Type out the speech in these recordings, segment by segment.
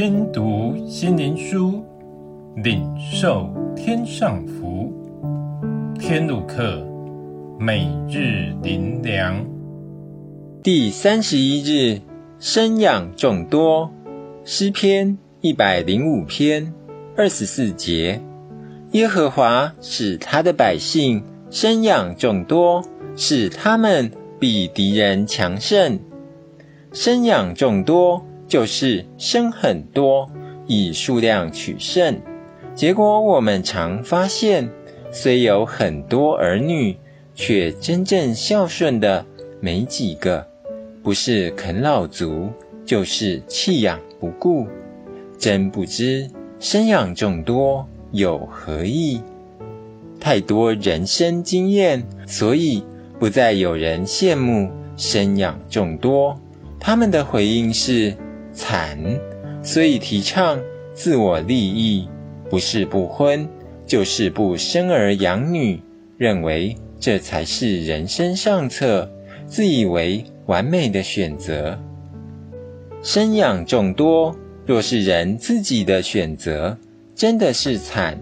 聽讀心靈書，領受天上福。天路客，每日靈糧，第三十一日，生養眾多。詩篇一百零五篇二十四節，耶和華使他的百姓生養眾多，使他們比敵人強盛。生養眾多。就是生很多，以數量取勝。結果我們常發現，雖有很多兒女，卻真正孝順的沒幾個，不是啃老族，就是棄養不顧。真不知生養眾多有何益？太多人生經驗，所以不再有人羨慕生養眾多。他們的回應是。慘，所以提倡自我利益，不是不婚，就是不生兒養女，認為這才是人生上策，自以為完美的選擇。生養眾多，若是人自己的選擇，真的是慘；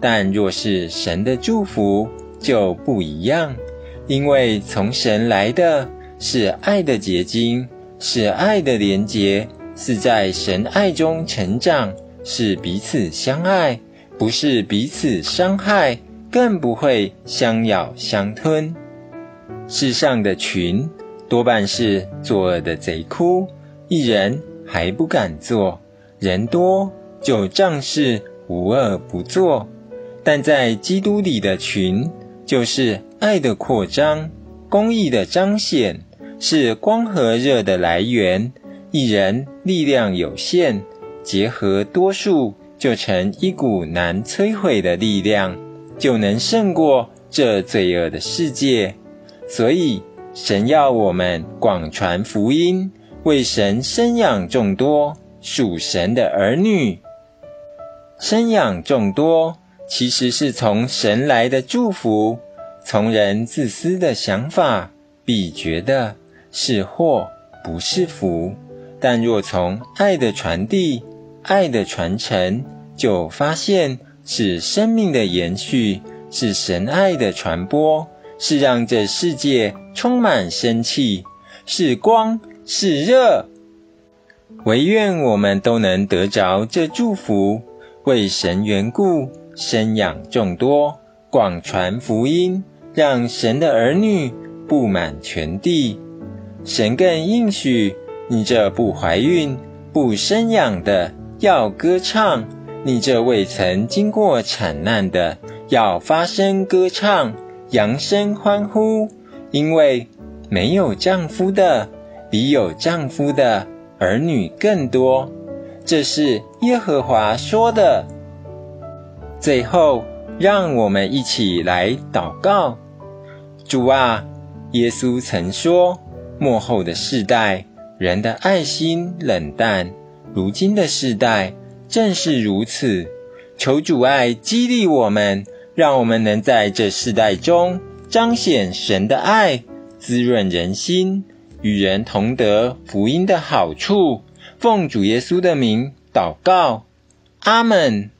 但若是神的祝福，就不一樣，因為從神來的是愛的結晶，是愛的連結。是在神愛中成長，是彼此相愛，不是彼此傷害，更不會相咬相吞。世上的群多半是作惡的賊窟，哭一人還不敢做，人多就仗勢無惡不作。但在基督裡的群，就是愛的擴張，公義的彰顯，是光和熱的來源。一人力量有限，結合多數就成一股難摧毀的力量，就能勝過這罪惡的世界。所以，神要我們廣傳福音，為神生養眾多屬神的兒女。生養眾多其實是從神來的祝福，從人自私的想法，必覺得是禍不是福。但若從愛的傳遞、愛的傳承，就發現是生命的延續，是神愛的傳播，是讓這世界充滿生氣，是光，是熱。惟願我們都能得着這祝福，為神緣故，生養眾多，廣傳福音，讓神的兒女佈滿全地。神更應許。你這不懷孕、不生養的，要歌唱；你這未曾經過產難的，要發聲歌唱、揚聲歡呼。因為沒有丈夫的，比有丈夫的兒女更多。這是耶和華說的。最後，讓我們一起來禱告：主啊，耶穌曾說，末後的世代。人的愛心冷淡，如今的世代正是如此。求主愛激勵我們，讓我們能在這世代中彰顯神的愛，滋潤人心，與人同得福音的好處。奉主耶穌的名禱告，阿門。